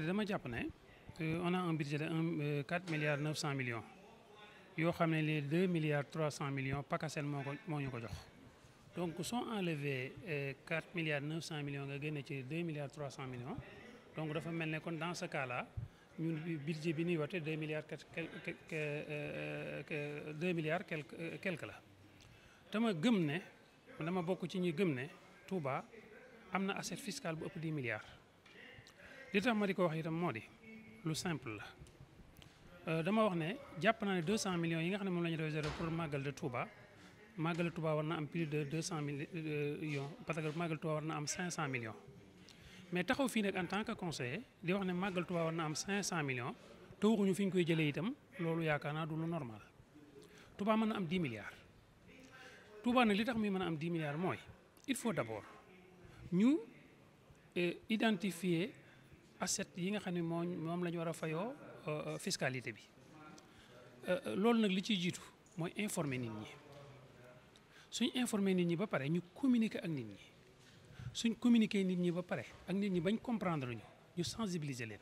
cest à dama jàpp ne euh, on a un budget de un euh, quatre milliards neuf cent millions yoo xam ne les deux milliards trois cent millions PACASEN moo ko moo ñu ko jox donc soo enlevé euh, quatre milliards neuf cent millions nga génne ci deux milliards trois cent millions donc dafa mel ne kon dans ce cas là ñun budget bi ñuy wote deux milliards quelque deux milliards quelque quelque la dama gëm ne dama bokk ci ñi gëm ne Touba am na assiette fiscale bu ëpp dix milliards li tax ma di ko wax itam moo di lu simple la euh, dama wax ne jàpp naa ne 200 millions yi nga xam ne moom la ñu réservé pour màggal de Touba màggal de Touba war na am plus de 200 millions euh, parce que màggal na am 500 millions. mais taxaw fii nag en tant que conseiller di wax ne màggal Touba war na am million millions te waxuñu fi ñu koy jëlee itam loolu yaakaar naa du lu normal Touba mën na am 10 milliards. Touba nag li tax muy mën a am 10 milliards mooy il faut d' abord ñu euh, identifier. assiette yi nga xam ne moo moom la ñu war a fayoo euh, fiscalité bi euh, loolu nag li ciy jiitu mooy informer nit ñi suñ informer nit ñi ba pare ñu communiqué ak nit ñi suñ communiquer nit ñi ba pare ak nit ñi bañ comprendre ñu ñu sensibiliser leen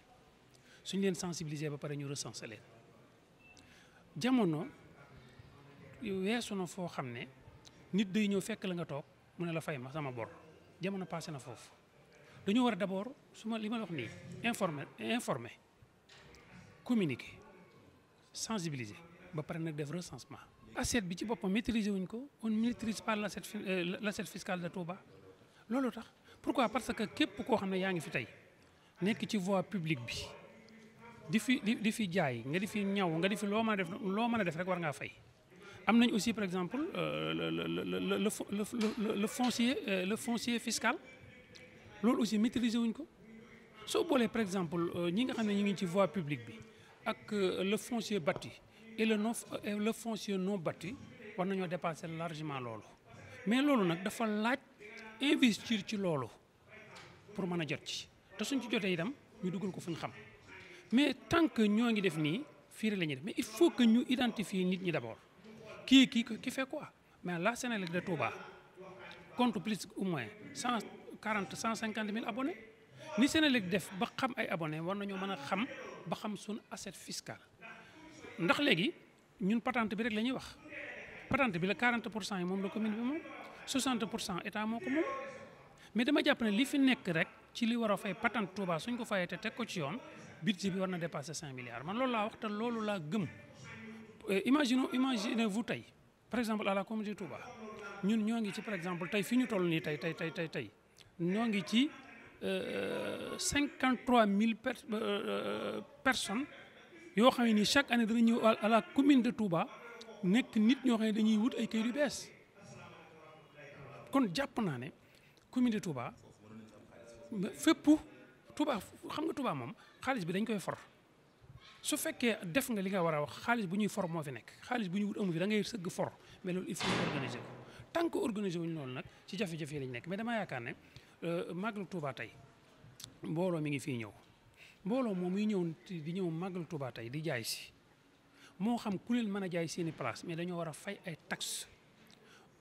suñ leen sensibiliser ba pare ñu recenser leen jamono weesu na foo xam ne nit day ñëw fekk la nga toog mu ne la fay ma sama bor jamono passé na foofu. dañoo war a d' abord su ma li ma la wax nii informer informer communiquer sensibiliser ba pare nag def recensement. assiette bi ci boppam maîtriser wuñ ko on maîtrise par euh, l' assiette l' assiette fiscale de Touba loolu tax pourquoi parce que képp koo xam ne yaa ngi fi tey nekk ci voie publique bi di fi di fi jaay nga di fi ñaw nga di fi loo mën a def loo mën a def rek war ngaa fay. am nañ aussi par exemple euh, le le le le le foncier euh, le foncier fiscal. loolu aussi maîtriser wuñ ko soo boolee par exemple euh, ñi nga xam ne ñu ngi ci voie publique bi ak euh, le foncier bâti et le non et euh, le foncier non bâti war nañoo dépasser largement loolu mais loolu nag dafa laaj investir ci loolu pour mën a jot ci te suñ ci jotee itam ñu dugal ko fu ñu xam mais tant que ñoo ngi def nii fiir la ñuy def mais il faut que ñu identifier nit ñi d'abord kii kii qui fait quoi mais la Sénélec de Touba compte plus ou moins cent quarante cent cinquante mille abonnés ni léegi def ba xam ay abonnés war nañoo mën a xam ba xam suñu asset fiscal ndax léegi ñun patente bi rek lañuy wax patente bi la 40 pour cent yi moom la commune bi moom 60 pour cent état moo ko moom mais dama jàpp ne li fi nekk rek ci li war a fay patente Touba suñ ko fayee te teg ko ci yoon budget bi war na dépasser 5 milliards man loolu laa wax te loolu laa gëm euh, imaginons imaginez-vous tey par exemple à la Touba ñun ñoo ngi ci par exemple tey fi ñu toll nii tey tey tey tey tey ñoo ngi ci euh, euh, cinquante trois mille euh, personnes yoo xam ne nii chaque année dana ñëw à la commune de Touba nekk nit ñoo xam ne dañuy wut ay kayit yu bees kon jàpp naa ne commune de Touba fépp Touba xam nga Touba moom xaalis bi dañ koy for su fekkee def nga li nga war a wax xaalis bu ñuy for moo fi nekk xaalis bu ñuy wut amu fi da ngay sëgg for mais loolu il faut organiser ko que organiser wuñu loolu nag ci jafe-jafe yi lañ nekk mais dama yaakaar ne Euh, màggal Touba tey mbooloo mi ngi fii ñëw mbooloo moom muy ñëw di ñëw màggal Touba tey di jaay si moo xam ku leen mën a jaay seeni place mais dañoo war a fay ay tax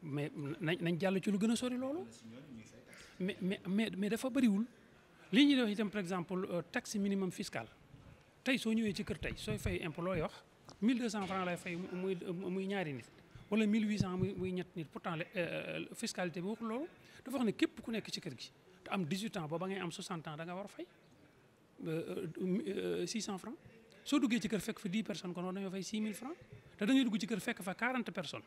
mais nañ nañ jàll ci lu gën a sori loolu. mais mais mais dafa bëriwul li ñuy wax itam par exemple euh, taxe minimum fiscal tey soo ñëwee ci kër tey sooy fay impôt looy wax 1200 francs lay fay muy muy ñaari nit. wala 1800 muy muy ñett nit pourtant euh, euh, fiscalité bi waxul loolu dafa wax ne képp ku nekk ci kër gi te am 18 ans ba ba ngay am 60 ans da nga war a fay 600 euh, francs soo duggee ci kër fekk fa 10 personnes kon war nañoo fay 6000 te dañoo dugg ci kër fekk fa personnes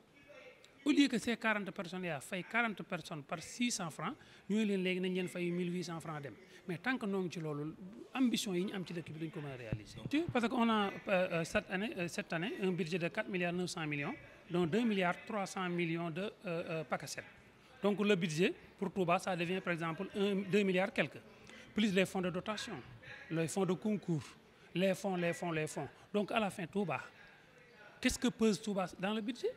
au lieu que personnes yaa fay personnes par 600 francs ñooy leen léegi nañ leen fay 1800 francs dem mais tant que ci loolu ambition yi ñu am ci dont 2 milliards 300 millions de euh, euh PACASET. Donc le budget pour Touba, ça devient par exemple 1, 2 milliards quelques, plus les fonds de dotation, les fonds de concours, les fonds, les fonds, les fonds. Donc à la fin, Touba, qu'est-ce que pèse Touba dans le budget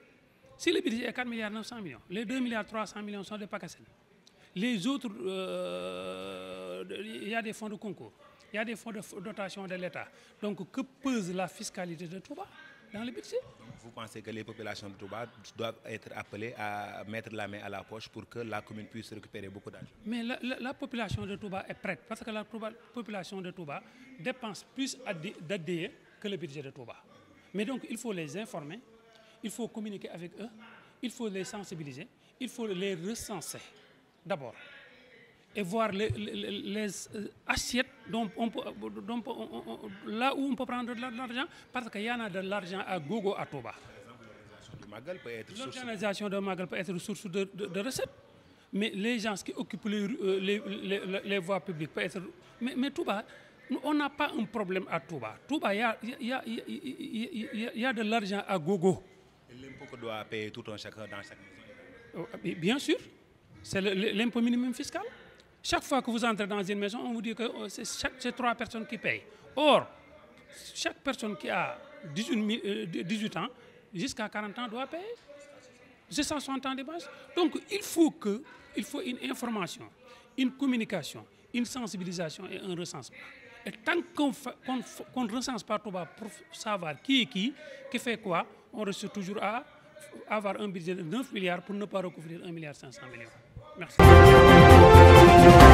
Si le budget est 4 milliards 900 millions, les 2 milliards 300 millions sont des PACASET. Les autres, euh, il euh, y a des fonds de concours, il y a des fonds de dotation de l'État. Donc que pèse la fiscalité de Touba dans le budget. Donc vous pensez que les populations de Touba doivent être appelées à mettre la main à la poche pour que la commune puisse récupérer beaucoup d'argent Mais la, la, la, population de Touba est prête parce que la Touba, population de Touba dépense plus d'ADE que le budget de Touba. Mais donc il faut les informer, il faut communiquer avec eux, il faut les sensibiliser, il faut les recenser d'abord. et voir les, les, les assiettes dont on peut, là où on peut prendre l'argent, parce que ya en a de l'argent à gogo à Toba. L'organisation de Magal peut être source de, de, mais les gens qui occupent les, euh, les, voies publiques peuvent être... Mais, mais on n'a pas un problème à Touba. Touba, il de l'argent à gogo. L'impôt euh, Bien sûr, c'est l'impôt minimum fiscal. Chaque fois que vous entrez dans une maison, on vous dit que oh, c'est trois personnes qui payent. Or, chaque personne qui a 18, 18 euh, ans jusqu'à 40 ans doit payer. C'est 160 ans de base. Donc, il faut, que, il faut une information, une communication, une sensibilisation et un recensement. Et tant qu'on qu ne recense pas tout bas pour savoir qui est qui, qui fait quoi, on reste toujours à avoir un budget de 9 milliards pour ne pas recouvrir 1 milliard Merci.